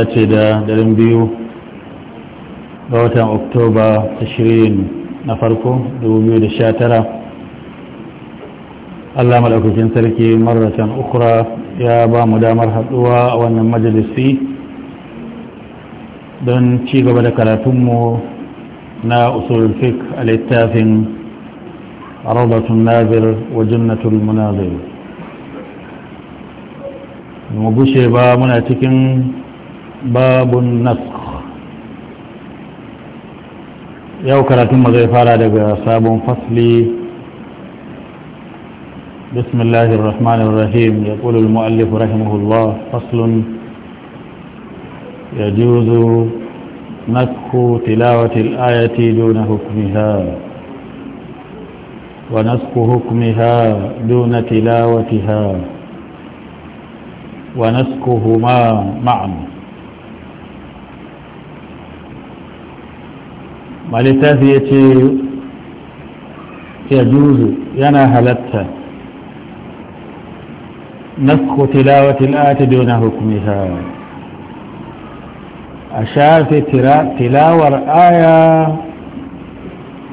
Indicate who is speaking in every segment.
Speaker 1: dace da darin biyu ga watan oktoba 20 na farko 2019 allah maɗaukakin sarki marasan ukura ya ba mu damar haɗuwa a wannan majalisi don ci gaba da karatunmu na usul fik a littafin rawdatun nazir wa jannatul munazir mu gushe ba muna cikin باب النسخ يو كراتم مغيفارا لك صاب فصلي بسم الله الرحمن الرحيم يقول المؤلف رحمه الله فصل يجوز نسخ تلاوة الآية دون حكمها ونسخ حكمها دون تلاوتها ونسكهما معا malittafi ya ce ya juzu yana halatta nasko tilawatil ati dona hukumiha a shafe tilawar aya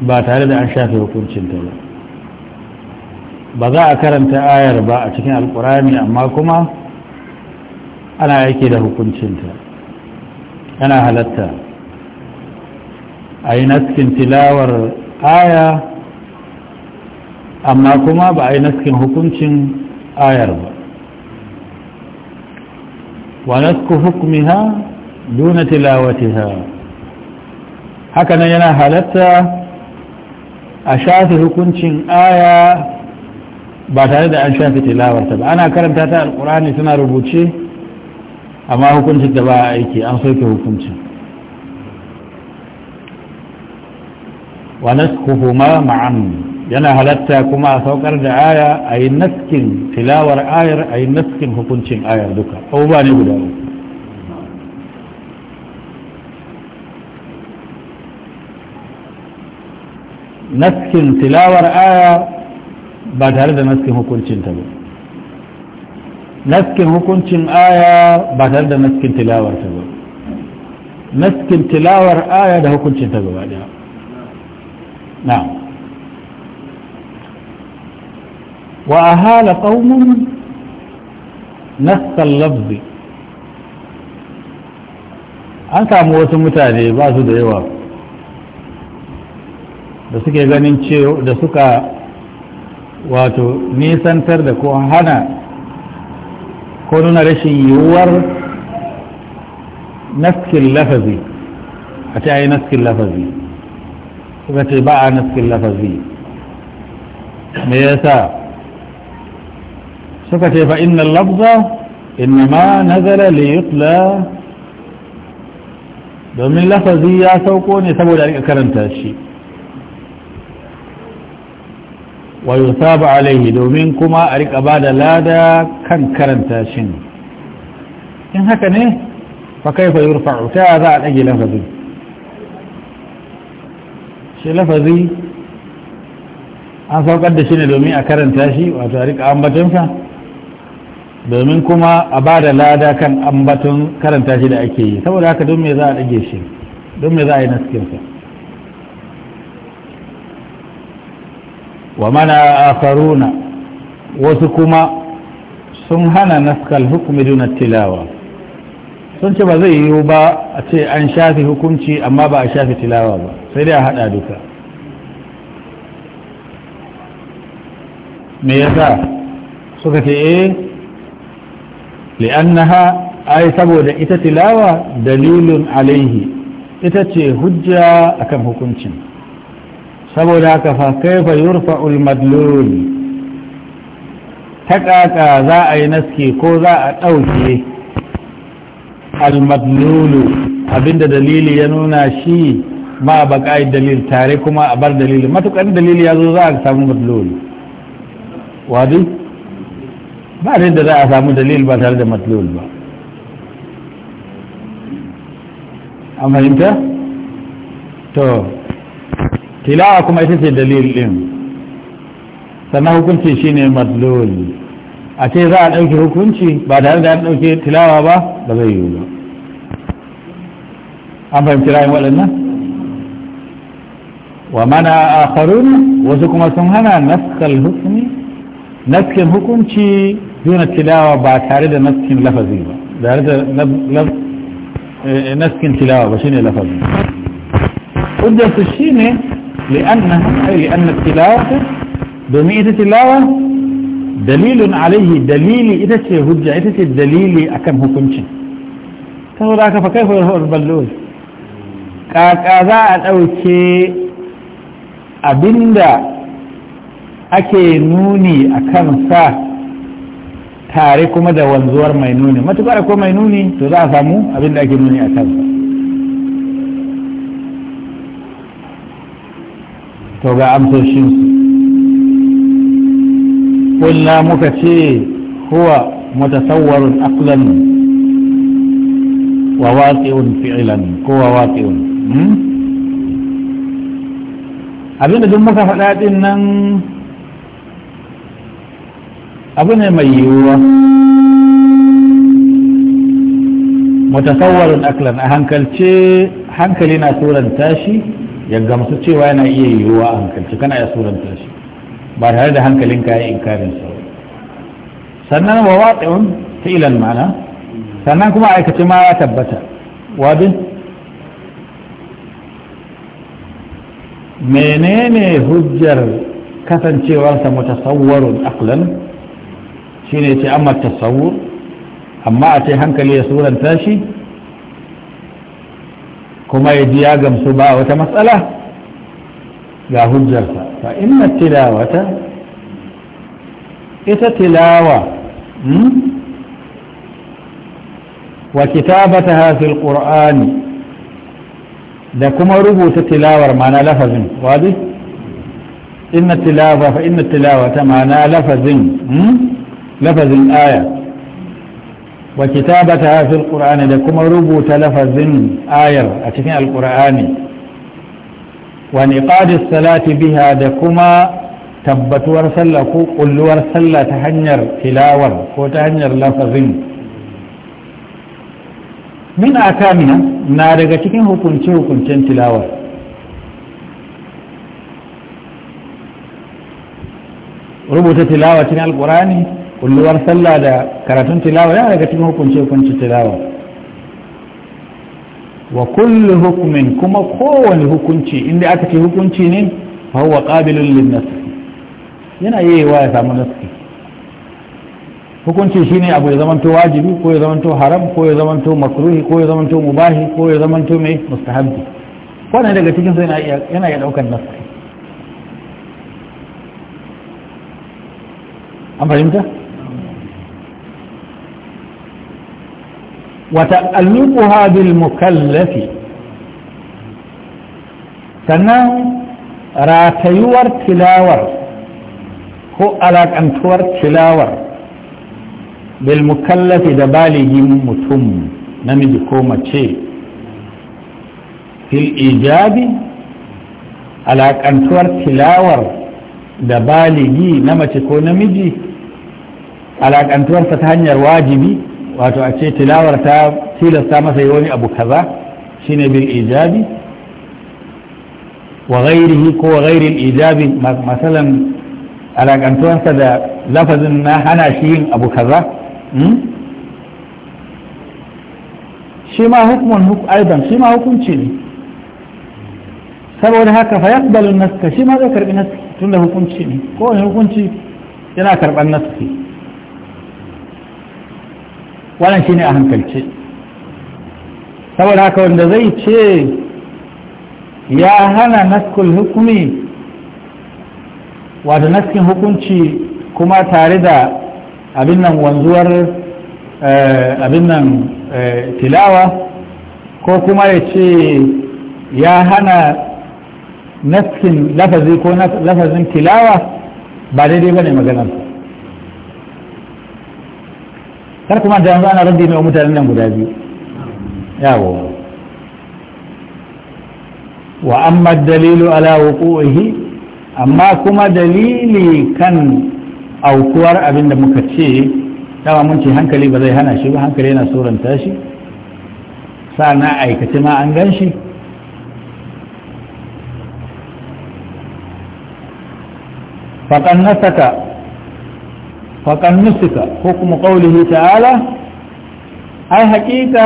Speaker 1: ba tare da an shafe hukuncinta ba ba za a karanta ayar ba a cikin alkurani amma kuma ana aiki da hukuncinta yana halatta a yi naskin tilawar aya amma kuma ba a yi naskin hukuncin ayar ba wa nasku hukumiha duna ha hakanan yana halatta a shafi hukuncin aya ba tare da an shafi tilawarta ba ana karanta ta alkurani suna rubuce amma hukuncin da ba a aiki an soke hukuncin wa naskuhuma ma'an yana halatta kuma a saukar da aya a yi naskin tilawar ayar a yi naskin hukuncin ayar duka ba ne guda uku naskin tilawar aya ba tare da naskin hukuncin ta ba naskin hukuncin aya ba tare da naskin tilawar ta ba naskin tilawar aya da hukuncin ta gaba daya نعم wa قوم نفس اللفظ an samu wasu mutane ba su da yawa da suke ganin cewa da suka wato nisantar da ko hana ko nuna rashin yiwuwar naskin lafazi a ta yi naskin lafazi suka ce ba a naskin lafazi me yasa suka ce fa inna lafza innama nazara li yutla domin lafazi ya sauko ne saboda rika karanta shi wa yusaba alaihi domin kuma a rika bada lada kan karanta shi in haka ne fa kaifa yurfa'u ta za a dage lafazin shi lafazi an saukar da shi ne domin a karanta shi wato a rika ambatunsa domin kuma a ba da lada kan ambatun karanta shi da ake yi saboda haka don me za a ɗage shi don me za a yi naskinsa wa mana faruna wasu kuma sun hana naskal hukumi duna tilawa sun ce ba zai yiwu ba a ce an shafi hukunci amma ba a shafi tilawa ba sai dai a haɗa duka me yasa suka ce eh li'annaha ai saboda ita tilawa dalilun alaihi ita ce hujja akan hukuncin saboda haka fa kaifa yurfa'ul madlul ta za a yi naski ko za a ɗauke al madlulu abinda dalili ya nuna shi ma a baka dalil tare kuma a bar dalili matukan dalili ya zo za a samu matloli wadu ba da za a samu dalil ba tare da matloli ba a fahimta to tilawa kuma ita ce dalil din sannan hukunci shine matloli a ce za a ɗauki hukunci ba tare da an ɗauke tilawa ba ba zai yiwu ba an fahimci rayuwa waɗannan ومنع آخرون وزكما سنهنا نسخ الحكم نسخ الحكم شي دون التلاوة بعتارد نسخ لفظي دارد آه، نسخ تلاوة بشين لفظي قدس الشينة لأنها أي لأن التلاوة دمية التلاوة دليل عليه دليل إذا ce hujja الدليل أكم حكم akan hukuncin saboda فكيف fa البلوز yahul ballul kaka abinda ake nuni a sa tare kuma da wanzuwar mai nuni matuƙar ko mai nuni to za a samu abinda ake nuni a kansa to ga amsoshinsu kulla muka ce huwa mutasawwarun aqlan wa waqi'un fi'lan ko hmm? abinda duk muka faɗa din nan abu ne mai yiwuwa mutasawwarin aklan a hankalce hankali na suranta shi ya gamsu cewa yana iya yiwuwa a hankalce kana ya suranta shi ba tare da hankalinka in inkarin sa sannan wa waɗin ta ilan mana sannan kuma aikace ma ya tabbata wadin menene hujjar kasancewarsa mutasawwarun aqlan shine ce amma tasawwur amma a ce hankali ya suranta shi kuma ya ji ya gamsu ba wata matsala ga hujjarsa fa inna tilawata ita tilawa hmm? wa kitabataha fil qur'ani da kuma rubuta tilawar ma'ana lafazin wadi inna tilawa fa inna tilawa ta ma'ana lafazin hmm? lafazin aya wa kitabata fil qur'ani da kuma rubuta lafazin ayar a cikin alqur'ani wa niqadis salati biha da kuma tabbatuwar sallah ko kulluwar sallah ta hanyar tilawar ko ta hanyar lafazin min akamina na daga cikin hukunce hukuncen tilawa rubuta tilawa cikin alkurani kulluwar sallah da karatun tilawa yana daga cikin hukunce hukuncen tilawa wa kullu hukumin kuma kowane hukunci inda aka ce hukunci ne hauwa huwa qabilun yana yayi wa ya samu nasi hukunci shine abu ya zamanto wajibi ko ya zamanto haram ko ya zamanto makruhi ko ya zamanto mubahi ko ya zamanto mai mustahabbi wannan daga cikin sai yana iya daukan nas an fahimta wa alluquha bil mukallafi sannan ratayuwar tilawar ko alakantuwar tilawar bil mukallafi da baligin mutum namiji ko mace fil ijabi alaƙantuwar tilawar da baligi na mace ko namiji alaƙantuwarsa ta hanyar wajibi wato a ce tilawar ta tilasta masa yi wani abu kaza shine bil ijabi wa ghairihi ko wa ijabi masalan alakantuwarsa da lafazin na hana shi yin abu kaza Hmm? shi ma hukumar aiban shi ma hukunci ne saboda haka fa kubalin naska shi ma zai karbi naski da hukunci ne kowane hukunci yana karban naski wannan shine a hankalce saboda haka wanda zai ce ya hana naskul hukumi wato naskin hukunci kuma tare da abin nan wanzuwar eh, abin nan eh, tilawa ko kuma ya ce ya hana naskin lafazi ko lafazin tilawa ba daidai ba ne maganar kar kuma da yanzu ana rabbi mai mutanen nan guda biyu yawo wa amma dalilu ala wuqu'ihi amma kuma dalili kan aukuwar abin da muka ce dama mun ce hankali ba zai hana shi ba hankali yana suranta shi na aikace ma an gan shi faƙannasaka faƙannusuka ko kuma ƙaulihi ta'ala ai haƙiƙa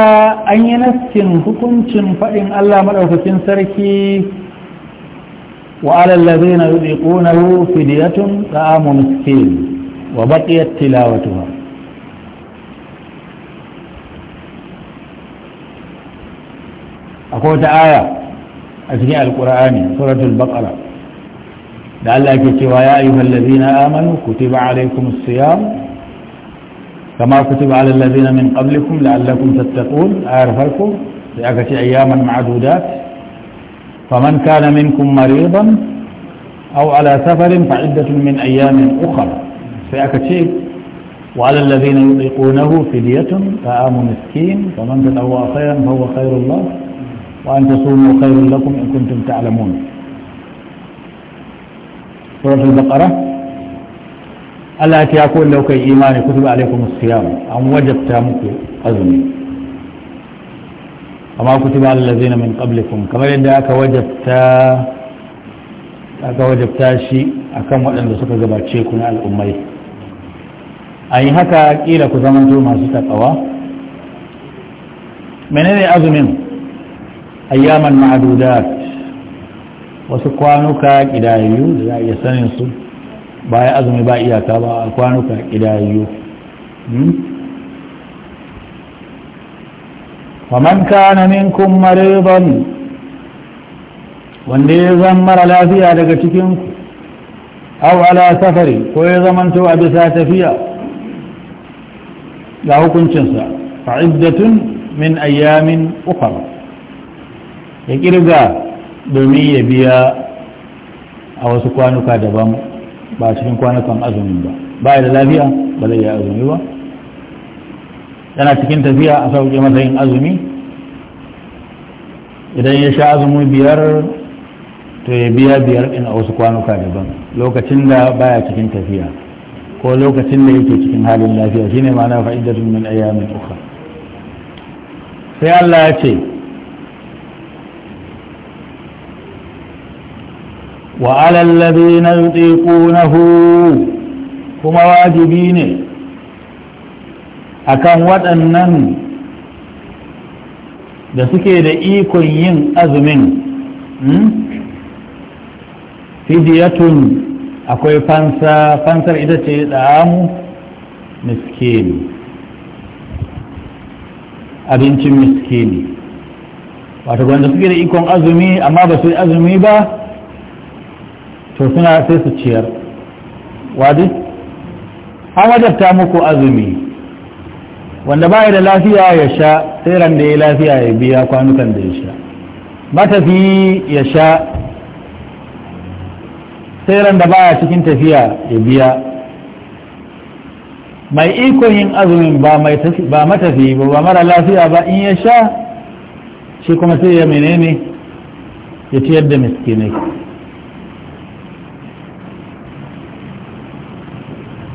Speaker 1: an yi naskin hukuncin faɗin Allah maɗaukacin sarki wa alallabe na ruɗe ƙonaru fidiyatun ɗa'amu miskin وبقيت تلاوتها أقول تعالى أثناء القرآن سورة البقرة لعلك سوى يا أيها الذين آمنوا كتب عليكم الصيام كما كتب على الذين من قبلكم لعلكم تتقون أعرفكم آية لأكت أياما معدودات فمن كان منكم مريضا أو على سفر فعدة من أيام أخرى فيأكى شيء وعلى الذين يطيقونه فدية طعام مسكين فمن تتعوى خيرا فهو خير الله وأن تصوموا خير لكم إن كنتم تعلمون سورة البقرة ألا أتيكون لو كي إيماني كتب عليكم الصيام أم وجدت أمك أزمي وما كتب على الذين من قبلكم كما لدى أكا وجبت أكا وجبت شيء أكم وجبت أكا وجبت شيء كنا الأمي a yi haka kila ku zamanto masu takawa menene azumin ayyaman ma'adudat wasu kwanuka kidayu da za a iya sanin su ba ya azumi ba iyaka ba a kwanuka ƙidayayyu hmm? faman kana minkum maridan wanda ya zan mara lafiya daga cikin au ala safari ko ya zamanto a bisa tafiya ga hukuncinsa fa'iddatun min ayyamin ukhra ya kirga domin ya biya a wasu kwanuka daban ba cikin kwanukan azumin ba ba da lafiya ba zai yi azumi ba yana cikin tafiya a sauke masa yin azumi idan ya sha azumi biyar to ya biya biyar in a wasu kwanuka daban lokacin da baya cikin tafiya ko lokacin da yake cikin halin lafiya shine ma'ana fa'idatun min ayyamin ukhra sai Allah ya ce wa 'alal ladina yutiqunahu kuma wajibi ne akan waɗannan da suke da ikon yin azumin hmm? fidiyatun akwai fansa fansar ita ce ɗamu miskini abincin miskini wata gwanda suke da ikon azumi amma ba su yi azumi ba to suna sai su ciyar wadi an wajabta muku azumi wanda ba da lafiya ya sha sai ran da ya lafiya ya biya kwanukan da ya sha matafi ya sha sai ran da baya cikin tafiya ya biya mai ikon yin azumin ba ba matafi ba ba mara lafiya ba in ya sha shi kuma sai ya menene ya ciyar da miskinai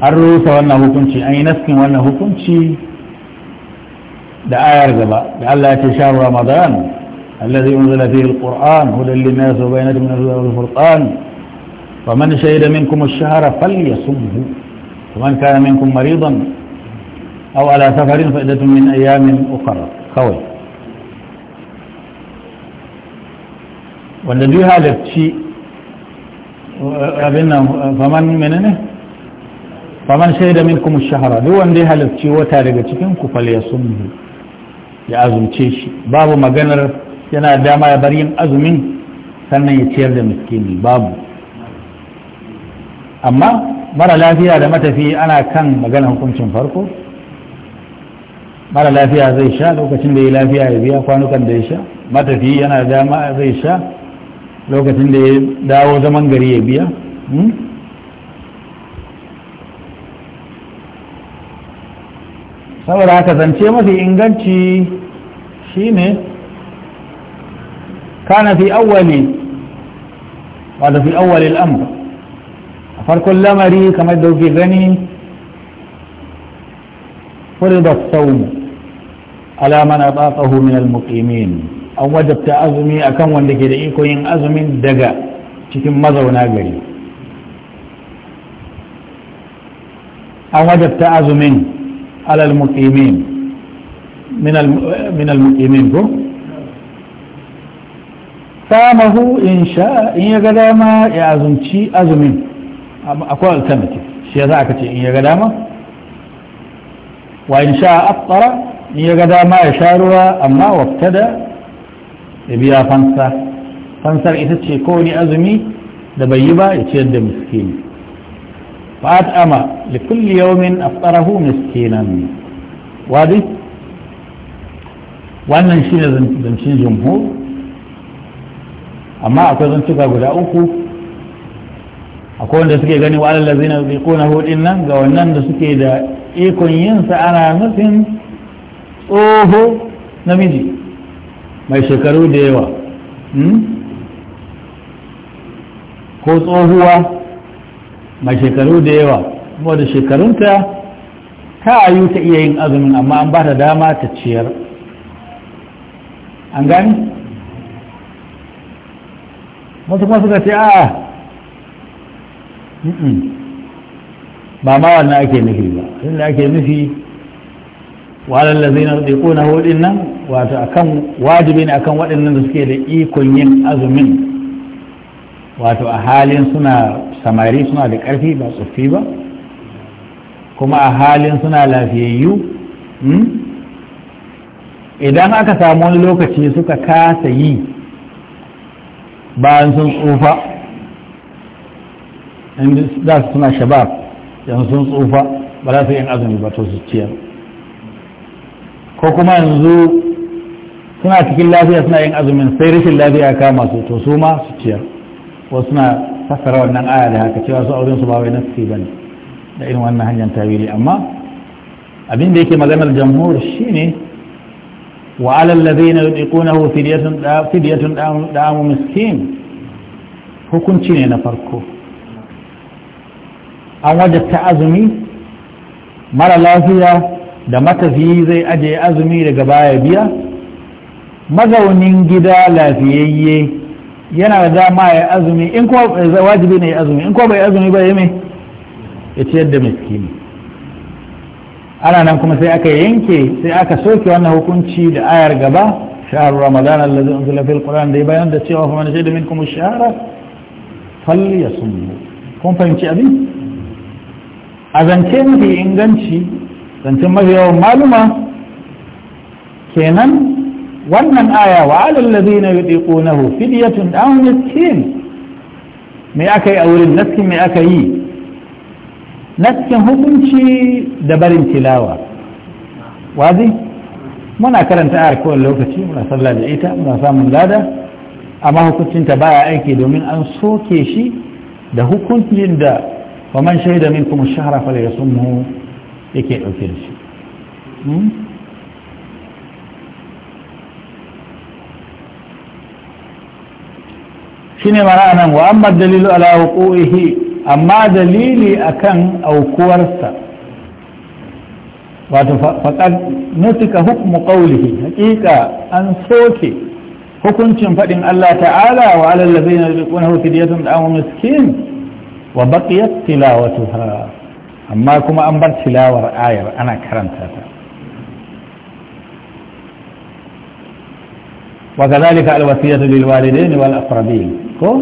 Speaker 1: an rusa wannan hukunci an yi naskin wannan hukunci da ayar gaba da Allah ya ce sha ramadan allazi unzila fihi alquran hudan lin-nas wa bayyinatan min al furqan فمن شهد منكم الشهر فليصمه ومن كان منكم مريضا او على سفر فائدة من ايام اخرى خوي والذي هالت شيء فمن منه فمن شهد منكم الشهر دو ان دي هالت شيء وتارق تكنكم فليصمه لأزم تشي باب مغنر ينا داما يبرين أزم سنة يتير دمسكين باب باب amma mara lafiya da matafi ana kan magana hukuncin farko mara lafiya zai sha lokacin da ya lafiya ya biya kwanukan da ya sha matafi yana dama zai sha lokacin da ya dawo zaman gari ya biya hmm? saboda haka zance mafi inganci shine kana fi awwali wata fi awwali al'amur farkon lamari kamar da kuke gani فرض الصوم على من أطاقه من المقيمين أن وجبت أزمي أكم وندك دعيكو ين أزمي دقا تكم مزونا قري أو وجبت أزمي على المقيمين من من المقيمين كو صامه إن شاء إن يقدر ما يعزم شيء أزمي akwai alternative shi ya yasa aka ce in ya ga dama wa in sha afṭara in ya ga dama ya sha ruwa amma da ya biya fansa fansar ita ce koWani azumi da bai yi ba ya ciyar da miskini fa'at ama li kulli yawmin afṭarahu miskinan wadi wannan shi ne zancen jumhur amma akwai zantuka guda uku akwai wanda suke gani wa alal na bi hudin nan ga wannan da suke da ikon yin ana nufin tsoho namiji mai shekaru da yawa hmm? ko tsohuwa mai shekaru da yawa kuma da shekarunta ta ayu ta iya yin azumin amma an ba ta dama ta ciyar an gani wasu kuma suka ce a ba ma wannan ake nufi ba inda ake nufi walar da zai na ikona hudin nan wato akan wajibi ne akan waɗannan da suke da ikon yin azumin wato a halin suna samari suna da ƙarfi ba tsoffi ba kuma a halin suna lafiyayyu mm? idan aka samu wani lokaci suka kasa yi bayan sun tsufa in za su suna shabab yanzu sun tsufa ba za su yin azumi ba to su ciyar ko kuma yanzu suna cikin lafiya suna yin azumin sai rashin lafiya kama su to su ma su ciyar ko suna fassara wannan aya da haka cewa su auren su ba wai ba ne da irin wannan hanyar tawili amma abin da yake maganar jamhur shine wa alal ladina yutiqunahu fidyatun fidyatun da'amu miskin hukunci ne na farko an wajabta azumi mara lafiya da matafiyi zai ajiye azumi daga baya biya mazaunin gida lafiyayye yana da dama ya azumi in ko wajibi ne ya azumi in ko bai azumi ba ya mai ya ciyar da miskini ana nan kuma sai aka yanke sai aka soke wannan hukunci da ayar gaba shahar ramadan allazi unzila fil qur'an da bayan da cewa fa man shahida minkum ash-shahra falyasum kun fahimci abin a zance mafi inganci zancen mafi yawan maluma kenan wannan aya wa alallazi na yi ɗiƙonahu fidiyatun ɗan miskin me aka yi a wurin naskin me aka yi naskin hukunci da barin tilawa wazi muna karanta a kowane lokaci muna sallah da ita muna samun lada amma hukuncinta baya aiki domin an soke shi da hukuncin da wa man shaida minkum ash-shahra falyasumhu yake dauke da shi shine mana nan wa amma dalilu ala wuqu'ihi amma dalili akan aukuwarsa wato faqad nutika hukmu qawlihi haqiqa an soke hukuncin faɗin Allah ta'ala wa na ladina yuriqunahu fidyatun da'am miskin وبقيت تلاوتها أما كما أنبر تلاوة آية أنا كرمتها وكذلك الوصية للوالدين والأقربين كون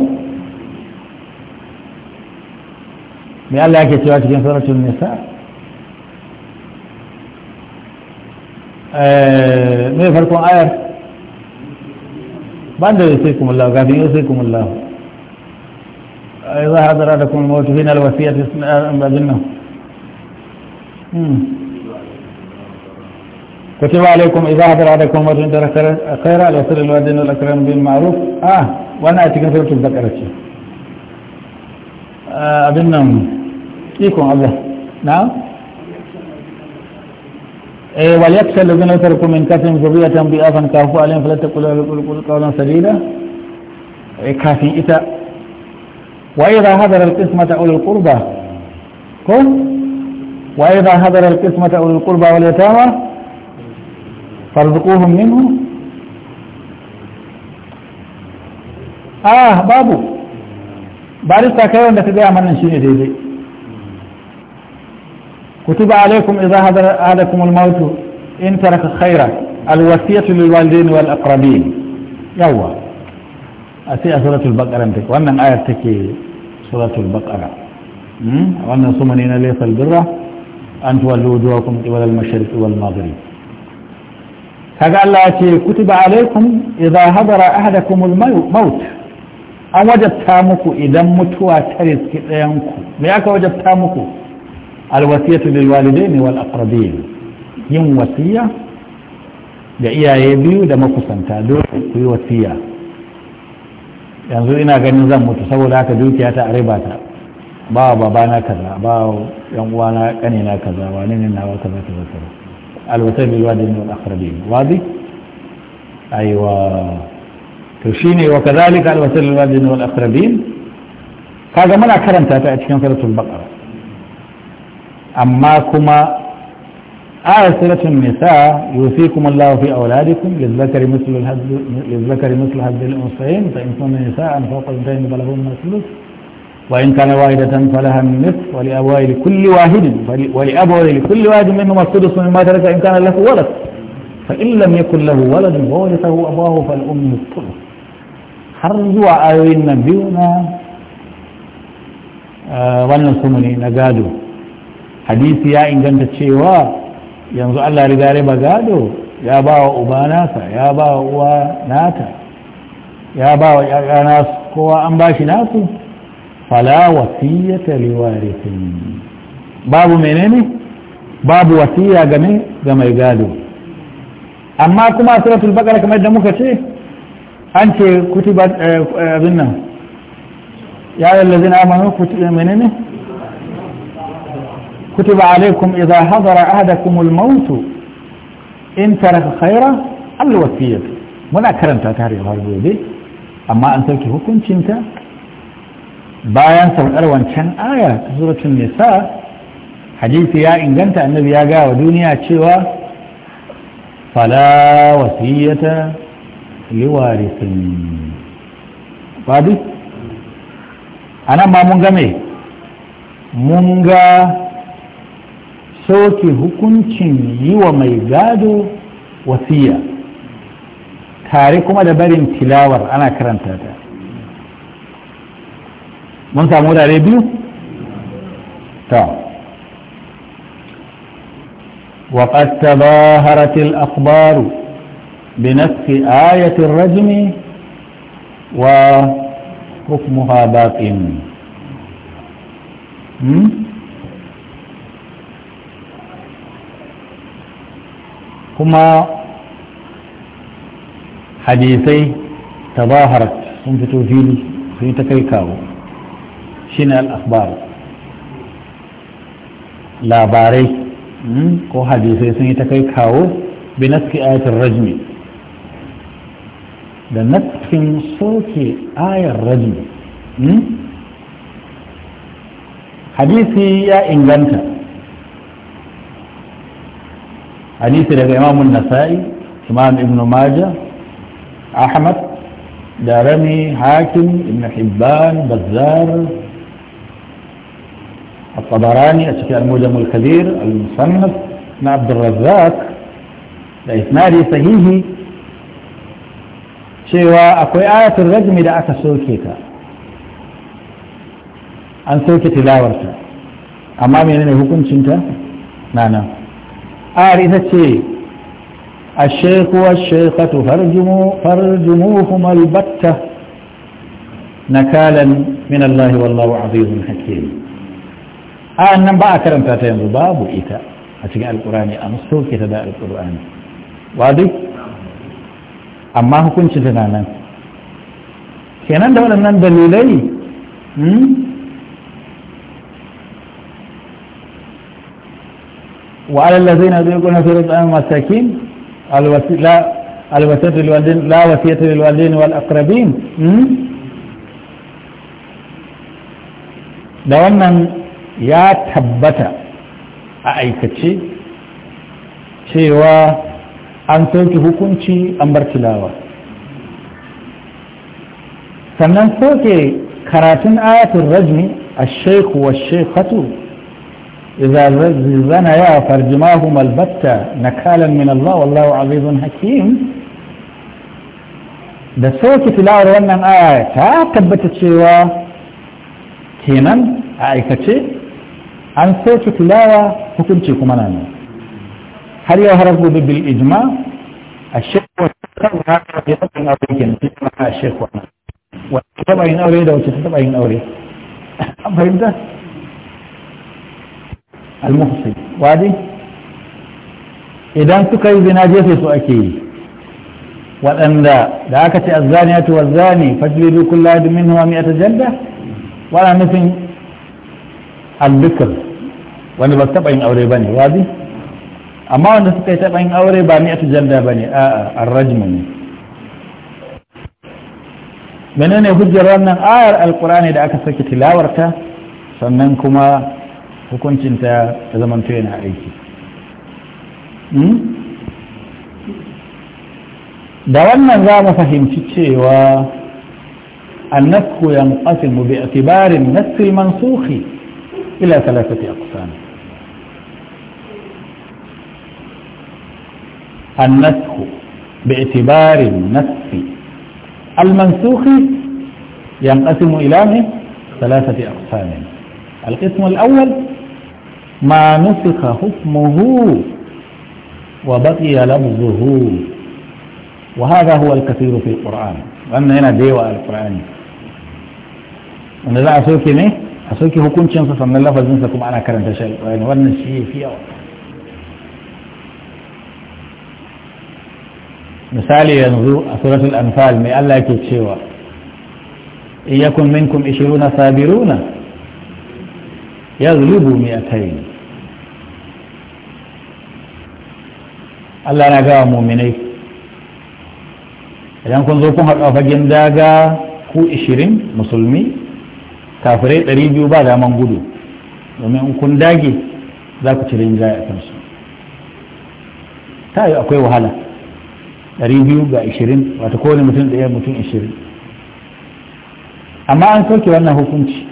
Speaker 1: بأن لا يكتواتك سورة النساء ما يفرقون آية بعد يوصيكم الله كافي يوصيكم الله إذا حضر لكم الموت فينا الوصية بذنه آه، كتب عليكم إذا حضر عليكم الموت إن ترك خيرا ليصل الوالدين الأكرم بالمعروف آه وأنا في كثير تذكر الشيء بالنوم يكون الله نعم إيه، وليخشى الذين يتركوا من كثم زبية بأفا كافوا عليهم فلا تقولوا قولا سليلا إيه، كافي إتا وإذا حضر القسمة أولي القربى كن وإذا حضر القسمة أولي القربى واليتامى فارزقوهم منه آه بابو بارستا كيف أنت تبيع من نشيني دي, دي كتب عليكم إذا حضر أهلكم الموت إن ترك الخير الوسيط للوالدين والأقربين يوه أتي سورة البقرة أنتك وأن آية تكي سورة البقرة وأن صمنين ليس البرة أن تولوا وجوهكم إلى المشرق والمغرب فقال الله أتي كتب عليكم إذا هدر أحدكم الموت أن وجدتامكم إذا متوا ترزك ينكم لأك وجدتامكم الوسية للوالدين والأقربين ين وسية لإيا يبيو دمكو سنتا دور كي وسية yanzu ina ganin zan mutu saboda haka dukiya ta riba ta ba wa babana kaza ba wa yan uwana na kaza ba ne nawa kaza kaza kaza alwasai bil wadi min akhrabin wadi aiwa to shine wa kadhalika alwasai bil wadi min akhrabin kaga muna karanta ta a cikin suratul baqara amma kuma آية سورة النساء يوصيكم الله في أولادكم للذكر مثل الهد للذكر مثل هد الأنثيين فإن كن نساء فوق اثنتين فلهن الثلث وإن كان واحدة فلها النصف ولأبوي لكل واحد ولأبوي لكل واحد منهما السدس مما ترك إن كان له ولد فإن لم يكن له ولد وورثه أباه فالأم الثلث حرزوا آيوين نبينا آه، ونصمني wannan حديث يا إن كنت hadisi yanzu Allah riga riba gado ya ba wa uba nasa ya ba wa uwa nata ya ba wa ƴaƴa nasu kowa an ba shi nasu fala wasiyata liwarithin babu menene babu wasiya game ga mai gado amma kuma suratul baqara kamar da muka ce an ce kutiba eh, eh, abin nan ya ayyuhallazina amanu kutiba menene كتب عليكم إذا حضر أحدكم الموت إن ترك خيرا الوصية muna karanta tare har gobe amma an sauke hukuncinta bayan saukar wancan aya ta suratul nisa hadisi ya inganta annabi ya ga wa duniya cewa fala wasiyata liwarisin ba duk anan ma mun ga me mun ga soke hukuncin yi wa mai gado wasiya tare kuma da barin tilawar ana karanta ta mun samu wurare biyu ta وقد تظاهرت الأخبار بنفس آية الرجم وحكمها باق kuma hadisai tabaharat sun fito fili sun yi ta kai kawo shi ne al'akbar labarai hmm, ko hadisai sun yi ta kai kawo bi naski ayatul rajmi da naskin soke ayar rajmi hmm. hadisi ya inganta حديث لك إمام النسائي إمام ابن ماجة أحمد دارمي حاكم ابن حبان بزار الطبراني أشكي المجم الكبير المصنف ابن عبد الرزاق لإثناري صحيحي شوى أقوي آية الرجم إذا أكا سوكيكا أن سوكي تلاورتا أمامي أنني هكم شنكا نعم آرثتي الشيخ والشيخة فارجموا فارجموهما البتة نكالا من الله والله عظيم حكيم آه، أنا بأكرم فاتين رباب وإيتاء أتقع القرآن أنصر كتباء القرآن واضح أما هو كنت زنانا كنان دولا من دليلي وعلى الذين يضيقون في رضا المساكين الوسيط لا الوسيط لا وسيلة للوالدين والأقربين دوما يا تبتا أي كتشي شيوا أنتوك هكونشي أمبر تلاوة فننسوك كراتن آية الرجم الشيخ والشيخة إذا زنيا فارجماهما البتة نكالا من الله والله عزيز حكيم da soke tilawar wannan aya ta tabbata cewa kenan a aikace an soke tilawa hukunci kuma na har yau har gobe bil ijma a shekwa kan haka ya taɓa yin aure kenan ta taɓa a shekwa wata taɓa yin aure da wacce ta taɓa yin aure an fahimta al wadi idan suka yi zina jefe su ake yi waɗanda da aka ce azzani zani wazzani fajlidu kullu ahadin minhum mi'ata janda wala nufin al-dhikr wanda ba su taɓa yin aure ba ne wazi amma wanda suka yi taɓa yin aure ba ni a tujalda ba ne a arrajmu ne menene hujjar wannan ayar alkurani da aka saki tilawarta sannan kuma hukuncinta ta zamanto yana aiki hmm? da wannan za mu fahimci cewa النسخ ينقسم باعتبار النسخ المنسوخ إلى ثلاثة أقسام النسخ باعتبار النسخ
Speaker 2: المنسوخ
Speaker 1: ينقسم إلى ثلاثة أقسام القسم الأول ما نسخ حكمه وبقي لفظه وهذا هو الكثير في القرآن وأن هنا ديوة القرآن وأن لا أسوكي مي أسوكي هو كنت ينصف من اللفظ ينصف معنا كرنت شيء وأن الشيء فيه مثالي ينظر سورة الأنفال مي ألا يكتشيوا إن يكن منكم إشرون صابرون يغلبوا مئتين Allah na gawa muminai idan kun zo kun haɗa fagen daga ku ishirin musulmi kafirai ɗari biyu ba daman gudu domin in kun dage za ku yin rinjaye a kansu ta yi akwai wahala ɗari biyu ga ishirin wata kowane mutum ɗaya mutum ishirin amma an sauke wannan hukunci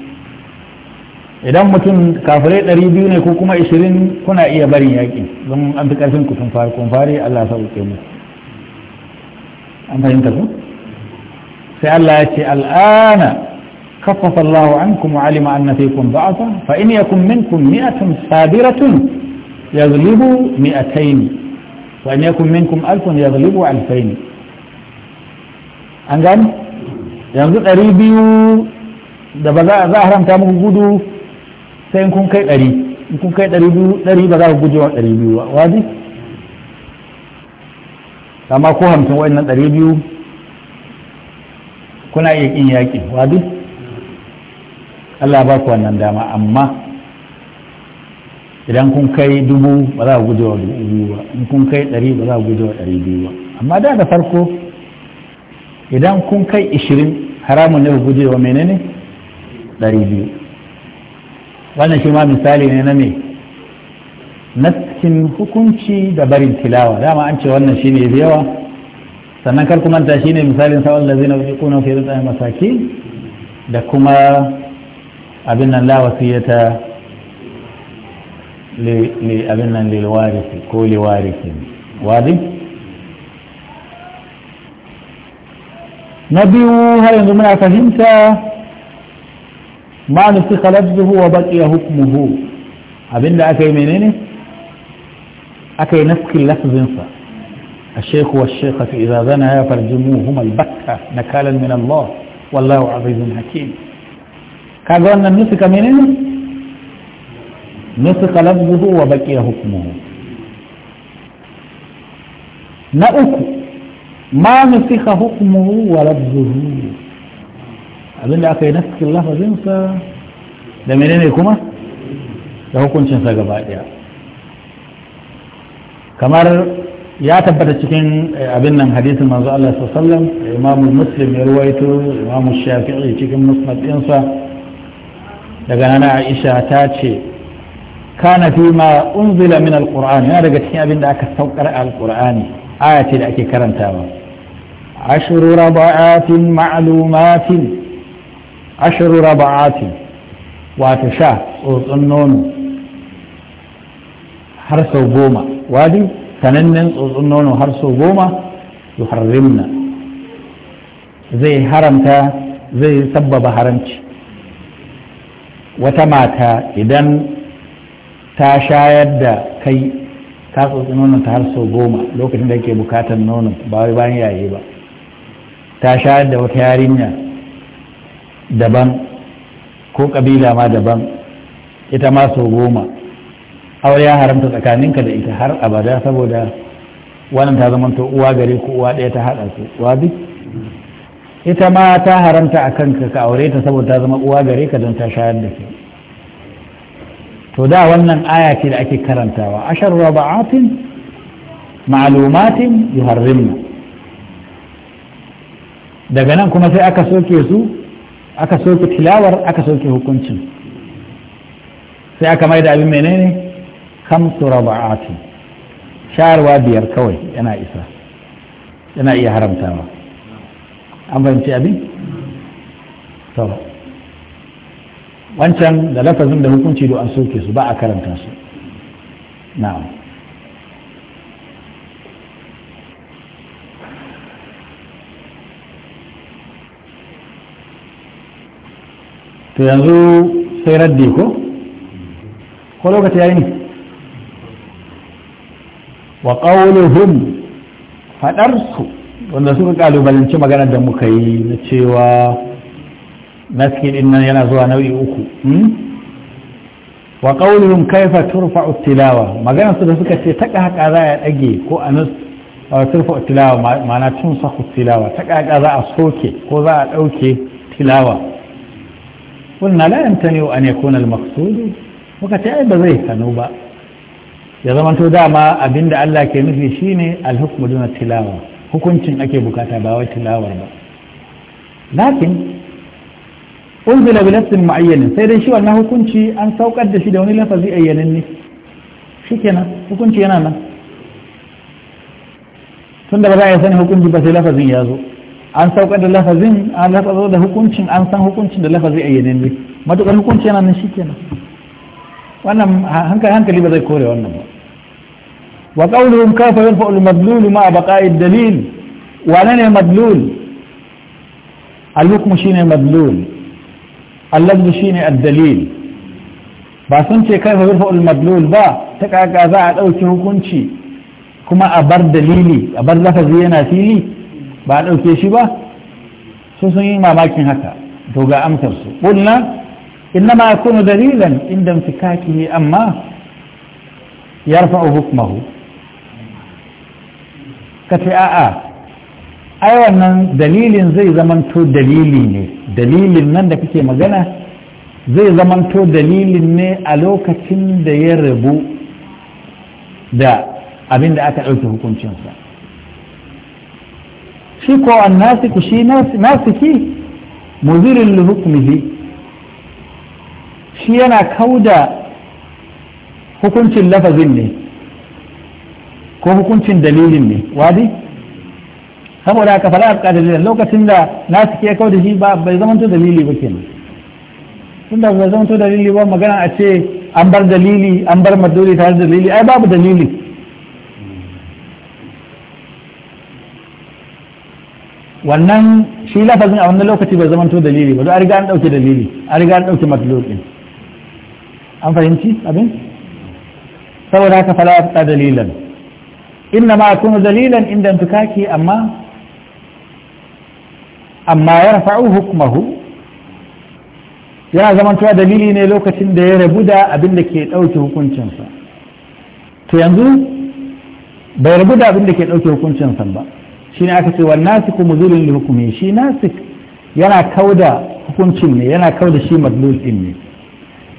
Speaker 1: idan mutum kafirai ɗari biyu ne ko kuma ishirin kuna iya barin yaƙi don an fi ƙarfin ku sun fari kun fari Allah sa uke mu an fahimta ku sai Allah ya ce al'ana kaffafa Allah an kuma alima anna fikum da'afa fa in yakum minkum mi'atun sabiratun yaghlibu mi'atayn wa in yakum minkum alfun ya yaghlibu alfaini? an gani yanzu ɗari biyu da ba za a haramta muku gudu sai in kun kai ɗari in kun kai ɗari biyu ɗari ba za ku guje wa ɗari biyu ba waji amma ko hamsin wa'annan ɗari biyu kuna iya ƙin yaƙi waji Allah ba ku wannan dama amma idan kun kai dubu ba za ku guje wa dubu biyu ba in kun kai ɗari ba za ku guje wa ɗari biyu ba amma da da farko idan kun kai ishirin haramun ne ku guje wa menene ɗari biyu wannan shi ma misali ne na me naskin hukunci da barin tilawa dama an ce wannan shi ne yawa sannan kar kuma ta shi ne misalin sa'on da zina wuce kuna fiye da masaki da kuma abin nan lawasiyata li abin nan lilwarisi ko liwarisi wadi na biyu har yanzu muna fahimta ما نسخ لفظه وبقي حكمه hukmuhu ده أكي منين أكي نسخ اللفظ naskin الشيخ والشيخة إذا زنيا فرجموهما البكة نكالا من الله والله عزيز حكيم كاغو أن النسك منين نسك لفظه وبقي حكمه نأكو ما نسخ حكمه ولفظه abinda aka yi naskin lafazinsa da menene kuma da hukuncinsa gaba ɗaya kamar ya tabbata cikin eh, abin nan hadisin manzo Allah sallam imamu muslim ya ruwaito imamu shafi'i cikin musnad ɗinsa daga nana aisha ta ce kana fi ma unzila min alqur'ani yana daga cikin abin da aka saukar alqur'ani aya ce da ake karantawa ashru rabaatin ma'lumatin ashiru raba'ati wato sha tsotson nono har sau goma wadi sanannen tsotson nono har sau goma su harimna zai haramta zai sabbaba haramci wata mata idan ta shayar da kai ta tsotsi nono ta har sau goma lokacin da ke bukatar nono ba bayan yaye ba ta shayar da wata yarinya daban ko kabila ma daban ita ma sau goma aure ya haramta tsakaninka da ita har abada saboda wannan ta zama to uwa gare ko uwa ɗaya ta haɗa su uwa bi ita ma ta haramta a kanka ka aure ta saboda ta zama uwa gare ka don ta shayar da ke to da wannan aya ce da ake karantawa ashar raba'atin ma'alumatin yuharrimna daga nan kuma sai aka soke su aka soke tilawar aka soke hukuncin sai aka mai da abin menene kamsu raba'atu shayarwa biyar kawai yana isa yana iya haramtawa an fahimci abin? to wancan da lafazin da hukunci do an soke su ba a karanta su na'am to yanzu sai radde ko ko lokaci yayi ne wa qawluhum fadarsu wanda suka kalubalanci maganar da muka yi na cewa maskin nan yana zuwa nau'i uku hmm? wa qawluhum kaifa turfa tilawa maganar da suka ce ta haka za a ɗage ko anas turfa tilawa ma'ana tun sahu tilawa ta kaka za a soke ko za a ɗauke tilawa an قلنا لا يمتنع أن يكون المقصود وكتعب زيك ba. ya zama to dama abinda Allah ke nufi shine alhukmu duna tilawa hukuncin ake bukata ba wai tilawar ba lakin unzila bi lafzin mu'ayyanin sai dai shi wannan hukunci an saukar da shi da wani lafazi ayyanin ne shikenan hukunci yana nan tunda ba za a yi sani hukunci ba sai lafazin ya zo an saukar da lafazin an lafazo da hukuncin an san hukuncin da lafazi a yanin ne matukar hukunci yana nan shikenan wannan hankali hankali ba zai kore wannan ba wa qawluhum kayfa yarfa'u al-madlul ma'a baqa'i ad-dalil wa lana madlul al-hukm shine madlul al shi shine ad-dalil ba sun ce kayfa yarfa'u al-madlul ba ta kaga za a dauki hukunci kuma a bar dalili a bar lafazi yana fili ba a ɗauke shi ba sun sun yi mamakin haka to ga amsarsu ƙulna inna ma kunu dalilan inda ne amma Ya yarfa'u Ka ce a'a ai wannan dalilin zai zamanto dalili ne dalilin nan da kake magana zai zamanto dalilin ne a lokacin da ya rabu da abin da aka ɗauke hukuncinsa shi ko an nasiku shi nasiki muzirin hukmihi shi yana kauda hukuncin lafazin ne ko hukuncin dalilin ne wadi saboda haka fara a dalilin lokacin da nasiki ya kauda shi ba bai zamanto dalili ba kenan tunda bai zamanto dalili ba magana a ce an bar dalili an bar madoli tare da dalili ai babu dalili wannan shi lafazin a wannan lokaci bai zamanto dalili ba don an riga an ɗauke dalili an riga an ɗauke matsalol an fahimci abin saboda haka fala fita dalilan inna ma kuma dalilan inda intukaki amma amma ya rafa'u hukumahu yana zamantowa dalili ne lokacin da ya rabu da abin da ke ɗauke hukuncinsa to yanzu bai rabu da abin da ke ɗauke hukuncinsa ba shi ne aka ce wa nasiku muzulin da hukumi shi nasik yana kauda hukuncin ne yana kauda shi madlul din ne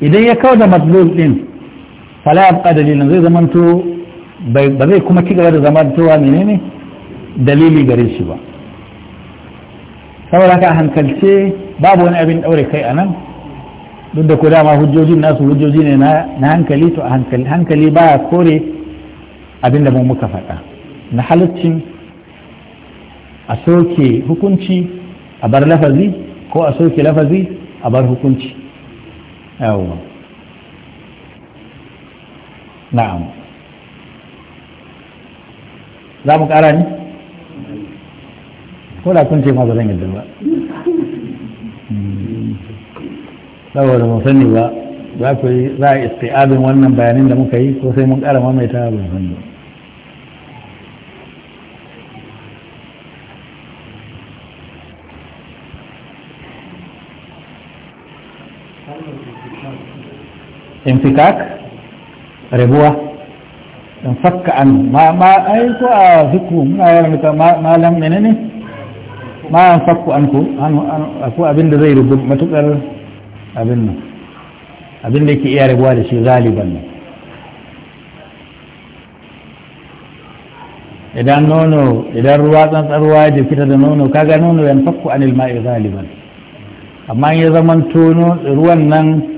Speaker 1: idan ya kauda madlul din fala yabqa dalilan zai zamanto ba zai kuma ci gaba da zamantowa menene dalili gare shi ba saboda haka hankalce babu wani abin daure kai anan duk da ko ma hujjojin nasu hujjoji ne na hankali to hankali baya kore abin da mu muka faɗa na halaccin a soke hukunci a bar lafazi ko a soke lafazi a bar hukunci yawon na'am za mu ƙara ne ko da kun ce ma ba zan yadda ba saboda mun sani ba za ku yi za a isti'abin wannan bayanin da muka yi ko sai mun ƙara mamaita ba sani ba انفكاك ربوة انفك عنه ما ما أي ما ما لم ما انفك عنه لك ربوة لشي غالبا idan nono idan ruwa tsantsar ruwa ya da nono kaga nono yan fakku anil ma'i zaliban amma ya zamanto ruwan nan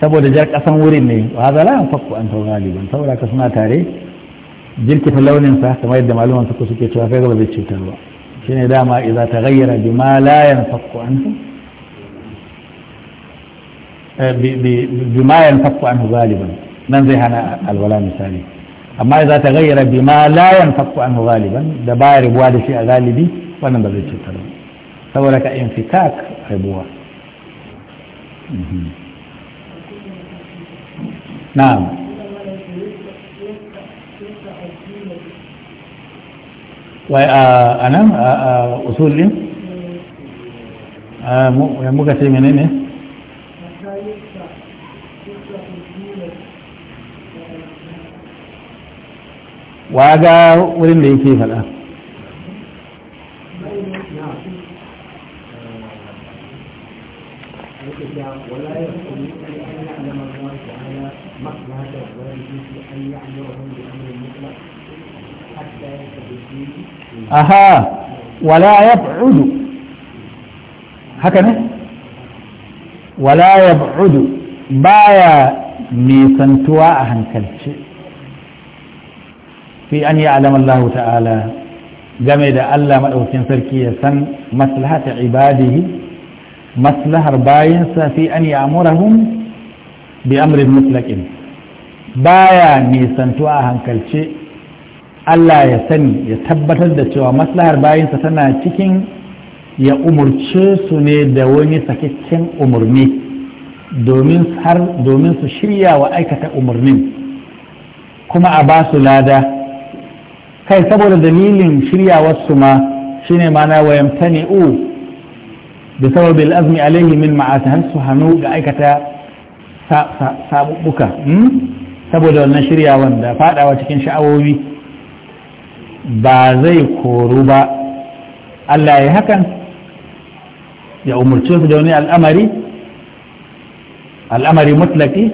Speaker 1: saboda jar kasan wurin ne wa haza la yanfaku an taurari ban saboda ka suna tare jirkita launin sa kamar yadda malaman suka suke cewa kai ba zai cutar ba shine dama idza taghayyara bima la yanfaku an eh, bima yanfaku anhu galiban nan zai hana alwala misali amma idza taghayyara bima la yanfaku anhu galiban da ba ribuwa da shi a galibi wannan ba zai cutar ba saboda ka infikak ribuwa mm-hmm. na'am wai a nan a usul din muka ce menene wa ga wurin da yake faɗa aha wala yab'udu haka ne wala yab'udu baya nisantuwa a hankalce fi an ya'lam Allah ta'ala game da Allah maɗaukin sarki ya san maslahata ibadihi maslahar bayinsa fi an ya'murahum bi amrin mutlaqin baya nisantuwa a hankalce Allah ya sani ya tabbatar da cewa maslahar bayansa tana cikin ya umurce su ne da wani sakakken umarni domin su shirya wa aikata umarnin kuma a ba su lada kai saboda dalilin shiryawarsu ma shine mana u da sababin azmi alaihi min har su hannu ga aikata sabuɓɓuka hmm? saboda wannan shiryawan da faɗawa cikin sha'awowi ba zai koru ba Allah ya hakan ya umarci su da wani al'amari al'amari mutlaki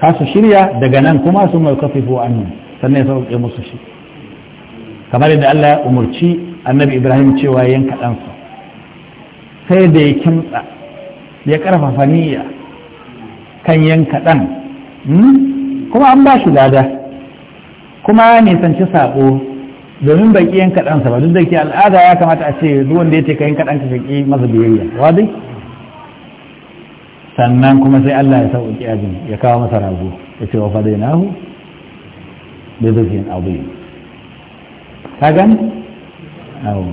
Speaker 1: ka su shirya daga nan kuma su mai kafifo annu sannan ya sauƙe musu shi kamar yadda Allah ya umarci annabi Ibrahim cewa yanka ɗansa sai da ya kimtsa ya ƙarfafa niyya kan yanka ɗan hmm? kuma an ba shi lada kuma ya nisanci saƙo domin baki ƙi yin sa ba duk da ke al'ada ya kamata a ce duk wanda yake kai ka yin ka ƙi masa biyayya wa dai sannan kuma sai Allah ya sauki ajin ya kawo masa rago ya ce wa fadainahu nahu da zafiyin abu yi ka gani?
Speaker 2: awo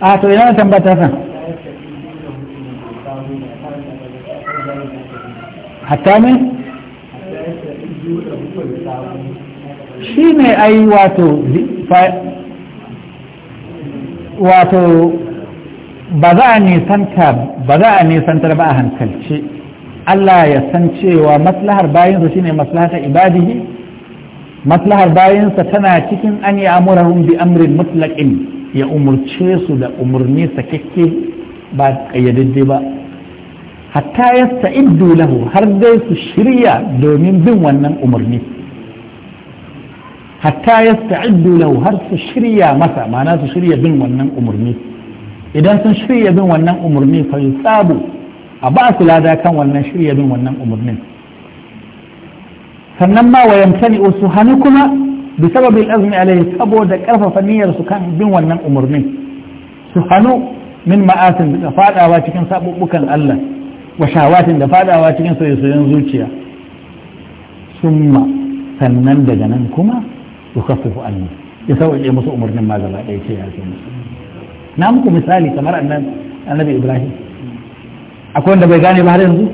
Speaker 2: a to yana tambata san hatta ne? shi ne ai
Speaker 1: wato wato ba za a nisanta ba za a nisantar ba a hankalce Allah ya san cewa maslahar bayansa shine maslahar ibadihi maslahar bayansa tana cikin an yi amurahun bi amrin mutlaqin ya umurce su da umarni sakakke ba kayyadadde ba hatta yasta iddu lahu har dai su shirya domin bin wannan umarni hatta ya sta'iddu lau har su shirya masa ma'ana su shirya bin wannan umarni idan sun shirya bin wannan umarni fa yusabu a ba su lada kan wannan shirya bin wannan umarnin sannan ma wa yamtani su hannu kuma bi sababin azumi alaihi saboda karfafa niyyar su kan bin wannan umarnin su hannu min ma'asin da fadawa cikin sabubbukan Allah wa shawatin da fadawa cikin soyayyen zuciya summa sannan daga nan kuma yukaffifu anni ya sauƙaƙe musu umarnin ma gaba ce ya ce musu na muku misali kamar annabi ibrahim akwai wanda bai gane ba yanzu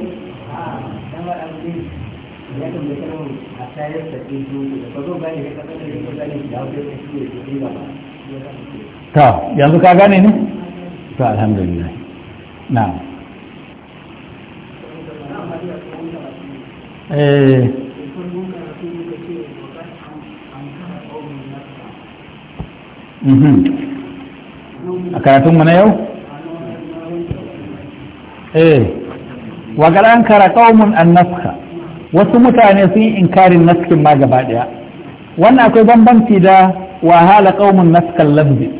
Speaker 2: ta yanzu
Speaker 1: ka gane ne to alhamdulillah na a karatunmu na yau eh wa an kara ƙaumin an naska, wasu mutane sun yi inkarin naskin ma gaba ɗaya wannan akwai bambanci da wahala ƙaumin naskan lafzi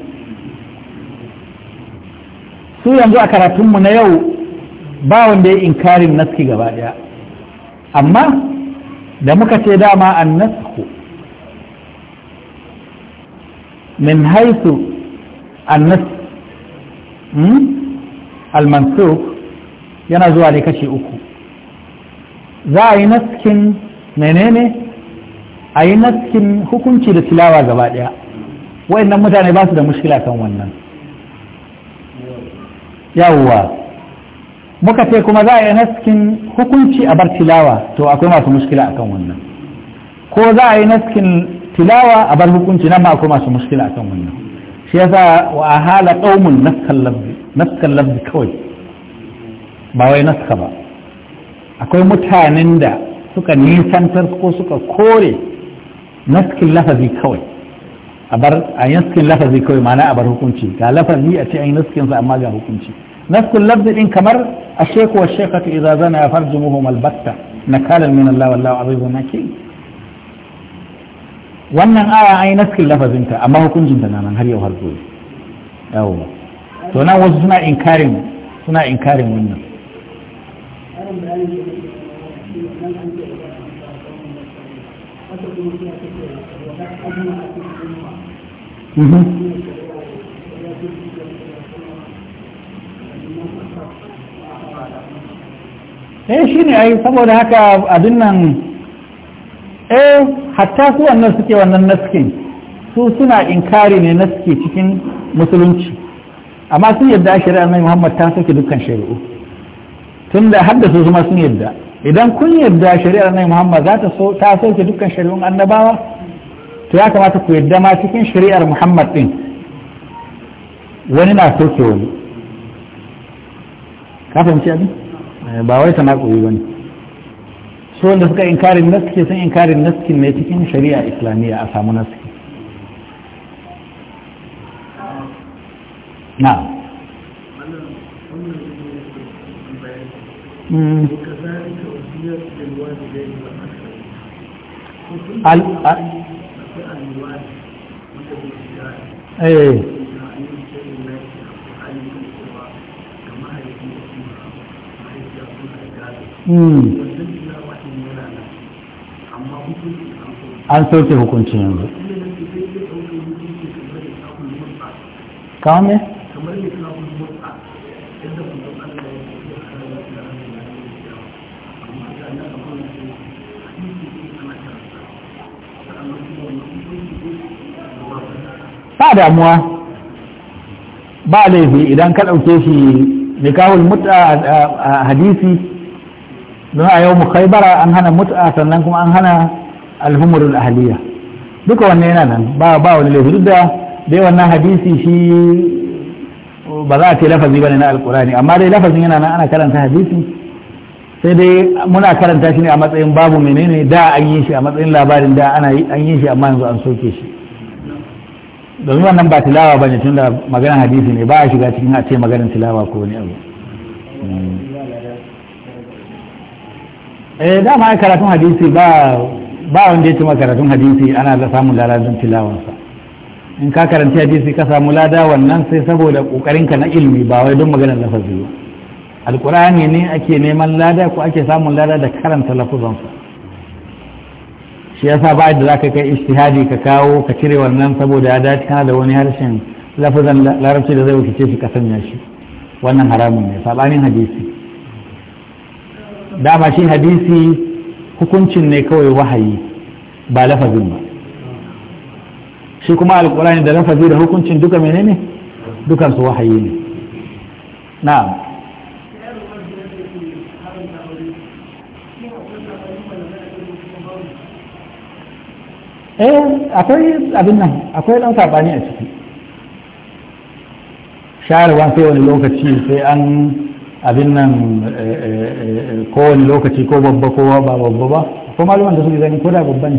Speaker 1: su yanzu a karatunmu na yau ba wanda ya inkarin naski gaba ɗaya amma da muka ce dama an nasku من حيث النص المنسوخ yana zuwa ne kashe uku za a yi naskin menene a yi naskin hukunci da tilawa gaba daya mutane ba su da mushkila kan wannan yawwa muka ce kuma za a yi naskin hukunci a bar tilawa to akwai masu mushkila akan wannan ko za a yi naskin tilawa a bar hukunci nan ma akwai masu muskila akan wannan shi yasa wa ahala qaumun naskan lafzi kawai ba wai naska ba akwai mutanen da suka nisantar ko suka kore naskin lafazi kawai a bar a naskin lafazi kawai ma'ana a bar hukunci ga lafazi a ce an yi naskin sa amma ga hukunci naskin lafzi din kamar a sheku wa shekatu idza zana farjumuhum albatta nakalan min Allah wallahu azizun hakim wannan aya ai naskin lafazinta amma hukuncin da nan har yau har gobe yawo to nan wasu suna inkarin suna inkarin wannan mhm. eh shi ne ai saboda haka abin nan eh hatta su wannan suke wannan naskin su suna inkari ne na suke cikin musulunci amma sun yadda a shari'ar mai muhammad ta soke dukkan shari'u tun da haddasa su sun yadda idan kun yadda shari'ar nai muhammad za ta so ta soke dukkan shari'un annabawa to ya kamata ku yadda ma cikin shari'ar muhammad din wani na soke wani ka fahimci abin eh, ba wai ta na koyi wani su wanda suka inkarin naski sun inkarin naskin mai cikin shari'a islamiyya a samu naski
Speaker 2: na Mm. Eh, eh. mm. an sauke hukuncin yanzu
Speaker 1: ba damuwa ba laifi idan ka ɗauke shi nikahul mut'a a hadisi don a yau mu bara an hana mut'a sannan kuma an hana alhumurul ahliya duka wannan yana nan ba ba wani laifi duk da dai wannan hadisi shi ba za a ce lafazi ne na alkurani amma dai lafazin yana nan ana karanta hadisi sai dai muna karanta shi ne a matsayin babu menene da an yi shi a matsayin labarin da ana an yi shi amma yanzu an soke shi domin wannan ba tilawa bane da maganar hadisi ne ba a shiga cikin a ce maganar tilawa ko wani abu hmm. eh dama karatun hadisi ba ba wanda ya ci makaratun hadisi ana da samun lalazin tilawansa in ka karanci hadisi ka samu lada wannan sai saboda ka na ilimi ba wai don maganar lafazi ba alkurani ne ake neman lada ko ake samun lada da karanta lafuzansa shi yasa ba da zaka kai ijtihadi ka kawo ka cire wannan saboda ya dace kana da wani harshen lafazan larabci da zai wuce shi ka sanya shi wannan haramun ne sabanin hadisi dama shi hadisi hukuncin ne kawai wahayi ba lafazin ba shi kuma alkurani da lafazi da hukuncin duka menene dukansu wahayi ne na'am eh akwai abin nan akwai dan sabani a ciki sharwa sai wani lokaci sai an abin nan eh, eh, eh, kowane lokaci ko babba ko ba babba ba ko malaman da suke ganin ko da babba ne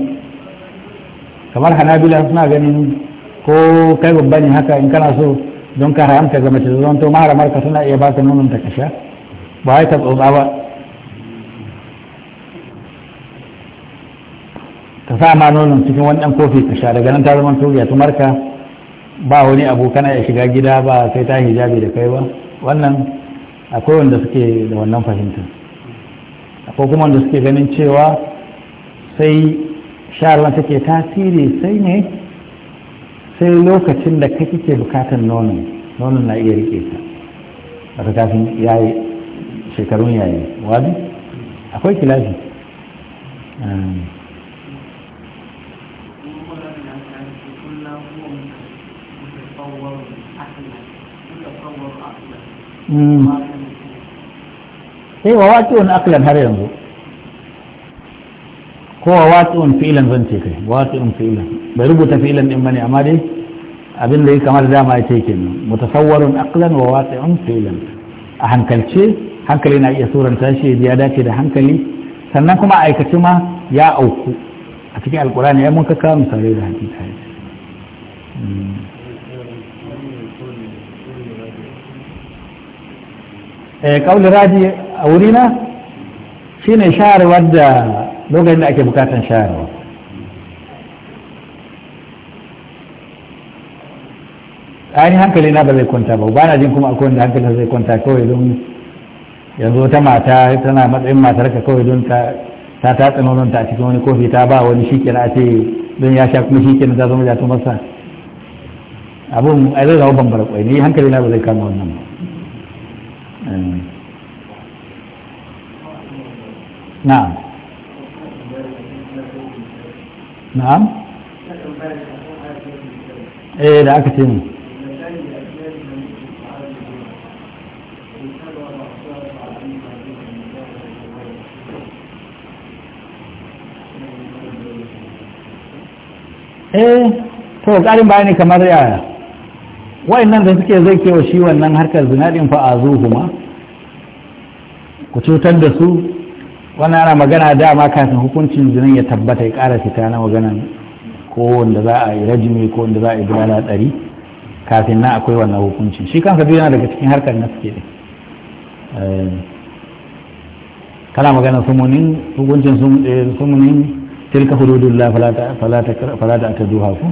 Speaker 1: kamar hanabila suna ganin ko kai babba ne haka in kana so don ka haramta ga mace zan to maharamar ka suna iya baka nonon ta kasha ba ya ta tsotsa ba ta sa ma nonon cikin wani ɗan kofi ka sha daga nan ta zama ta tumarka ba wani abu kana ya shiga gida ba sai ta hijabi da kai ba wannan akwai wanda suke da wannan fahimta akwai kuma wanda suke ganin cewa sai shayarwa take tasiri sai ne sai lokacin da kake ke bukatar nonon nonon na iya rike ta daga kafin yayi shekarun yayi wadi akwai kilafi ehm. Mm. sai wa waƙi'un aklan har yanzu ko wa waƙi'un filan zan ce kai waƙi'un filan bai rubuta filan din bane amma dai abin da ya kamar dama ya ce kenan mutasawwarun aklan wa waƙi'un filan a hankalce hankali na iya suranta shi ya dace da hankali sannan kuma aikace ma ya auku a cikin alkurani ya mun kaka misalai da hakika ya hmm. eh, ce a wurina shi ne shaharwar da lokacin da ake bukatan shaharwa ainihin hankali na ba zai kwanta ba ba na jin kuma akwai wanda hankali zai kwanta kawai don yanzu ta mata tana matsayin matar ka kawai don ta tatsa nononta a cikin wani kofi ta ba wani shi a ce don ya sha kuma shi ta zama jatu masa abun a zai zama bambara kwai ni hankali na ba zai kama wannan ba eh. na'am na'am eh da aka eh to ƙarin bayani kamar yaya wayannan da suke zai kewa shi wannan harkar zinadin fa'azu kuma ku cutar da su wannan ana magana dama kafin hukuncin zinin ya tabbata ya ƙara fita na magana ko wanda za a yi rajimi ko wanda za a yi bulala ɗari kafin na akwai wannan hukunci shi kansa duk yana daga cikin harkar na suke eh, kana magana sumunin hukuncin sumunin eh, tilka hududullah fala ta ataduha ku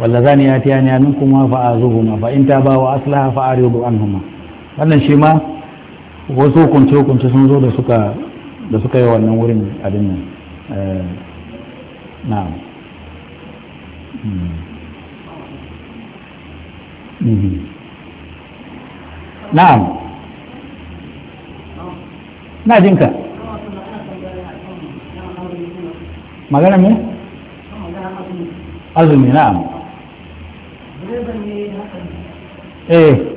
Speaker 1: wallazan yatiyani kuma fa azuhuma fa in ba wa aslaha fa an huma wannan shi ma wasu hukunce hukunce sun zo da suka da suka yi wannan wurin abin nan eh, na hmm. hmm. na'am na jinka magana mu azumi na'am eh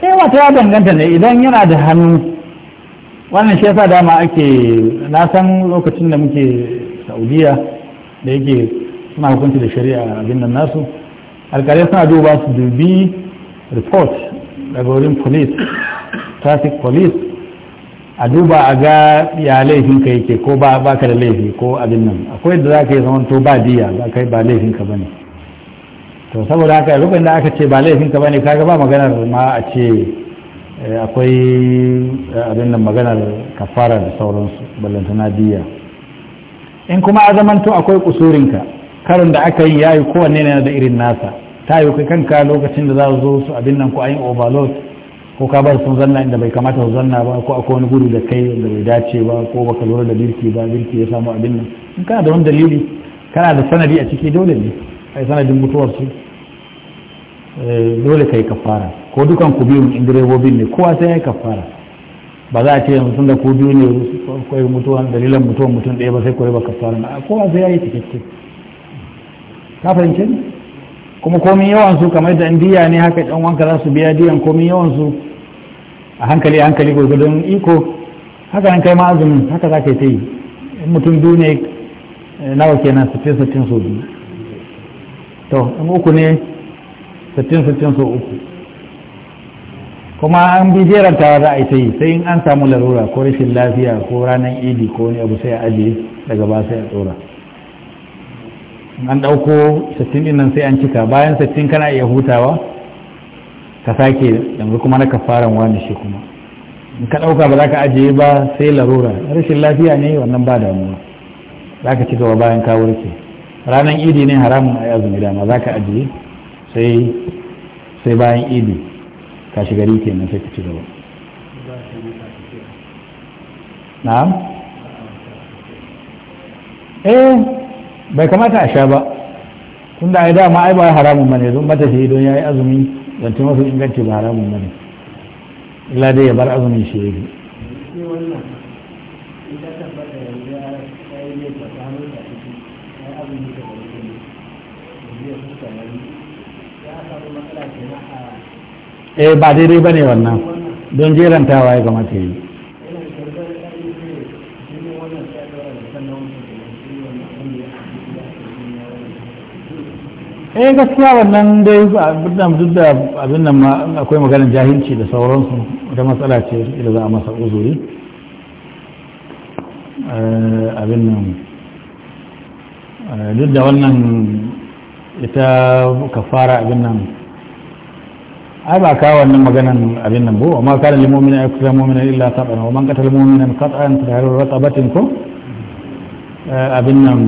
Speaker 1: sai wata ya danganta ne idan yana da hannu wannan shi yasa dama ake na san lokacin da muke saudiya da yake suna hukunci da shari'a abin nan nasu alkalai suna duba su dubi report daga wurin police traffic police a duba a ga ya ka yake ko ba ka da laifi ko abin nan akwai da za ka yi to ba diya ba kai ba laifinka ba ne to saboda haka rubin da aka ce ba laifinka ba ne kaga ba maganar ma a ce eh, akwai eh, abin nan maganar kafara da sauransu ballantana diya in kuma a zamanto akwai kusurinka karin da aka yi yayi kowanne na da irin nasa ta yi kai kanka lokacin da za su zo su abin nan ko ayin overload ko ka bar sun zanna inda bai kamata su zanna ba ko akwai wani gudu da kai da bai dace ba ko baka lura da birki ba birki ya samu abin nan in kana da wani dalili kana da sanadi a ciki dole ne ai sanadin mutuwarsu eh, dole ka yi kafara ko dukan ku biyu in direbobin ne kowa sai ya yi kafara ba za a ce yanzu da ku biyu ne kawai mutuwan dalilan mutuwan mutum ɗaya ba sai kawai ba kafara na kowa sai ya yi cikakke ka fahimce ne kuma komin yawan su kamar da indiya ne haka ɗan wanka za su biya diyan komin yawan su a hankali a hankali gwargwadon iko haka nan kai ma azumin haka za ka yi ta yi mutum biyu ne eh, nawa kenan sittin sittin so biyu to in uku ne sittin sittin so uku kuma an bi tawa za a yi ta sai in an samu larura ko rashin lafiya ko ranar idi ko wani abu sai a ajiye daga ba sai a tsora an ɗauko sittin ɗin nan sai an cika bayan sittin kana iya hutawa ka sake yanzu kuma na kafaran wani shi kuma in ka ɗauka ba za ka ajiye ba sai larura rashin lafiya ne wannan ba damuwa za ka ci gaba bayan ka warke ranar idi ne haramun a yi azumi dama za ka ajiye sai bayan idi ka shiga gari kenan sai ka ci gaba na'am eh bai kamata a sha ba tun da ai dama ai ba haramun bane don mata shi don ya yi azumi zance mafi inganci ba haramun bane illa dai ya bar azumin shi yake eh ba daidai ba ne wannan don jerantawa ga kamata yi
Speaker 2: eh gaskiya
Speaker 1: wannan dai duk da abin nan akwai maganin jahilci da sauransu wata matsala ce da za a masa uzuri eh, abin nan eh, duk da wannan ita ka fara abin nan ai ba kawo wannan maganan abin nan ba amma kana lil mu'mina yakfuru mu'mina illa qat'an wa man qatala mu'minan qat'an fa halu raqabatin ko eh, abin nan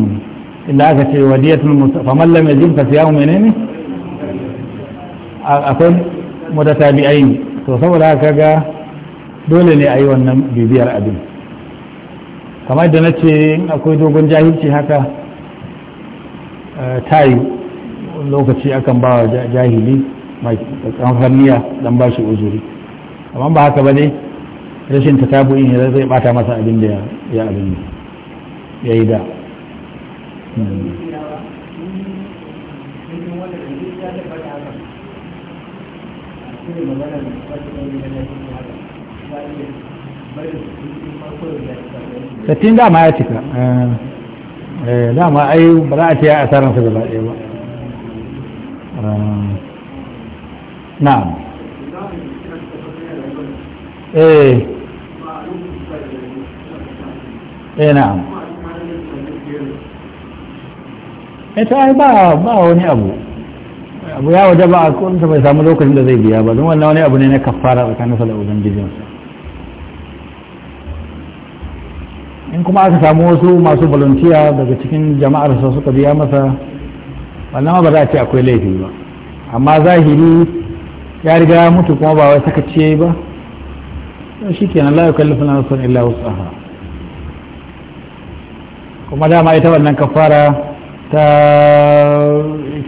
Speaker 1: illa aka ce wadiyatul mustafa man lam yajid fa siyamu menene akwai mutatabi'ain to saboda haka ga dole ne a yi wannan bibiyar abin kamar da na ce akwai dogon jahilci haka eh, Tayi lokaci akan ba jahili mai tsanfar niyya dan ba shi uzuri amma ba haka ba ne rashin ta tabu in zai bata masa abin da ya abin ya yi da
Speaker 2: sattin dama ya cika
Speaker 1: eh, dama ai ba za a ce ya asaransa gaba ɗaya ba ah. na'am eh, eh na'am ita eh, ai ba ba wani abu ya waje ba a bai samu lokacin da zai biya ba don wani abu ne na kaffara tsakanin sa da ubangijinsa in kuma aka samu wasu masu volunteer daga cikin jama'arsa suka biya masa wannan ba za a ce akwai laifi ba amma zahiri ya riga ya mutu kuma ba wai sakaci yayi ba shi kenan la na nafsan illa wasu aha kuma dama ita wannan kafara ta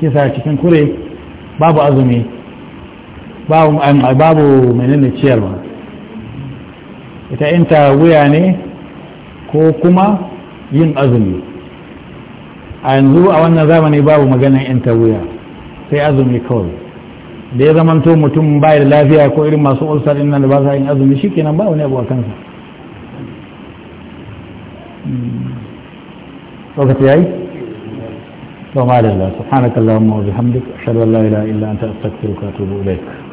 Speaker 1: kisa cikin kure babu azumi babu babu menene ciyarwa ita ta wuya ne ko kuma yin azumi a yanzu a wannan zamani babu maganin ta wuya sai azumi kawai da ya zamanto mutum bai da lafiya ko irin masu ulcer din nan da ba sa yin azumi shi kenan ba wani abu a kansa hmm. lokaci yayi to ma da Allah subhanakallahumma wa bihamdika ashhadu an la ilaha illa anta astaghfiruka wa atubu ilaik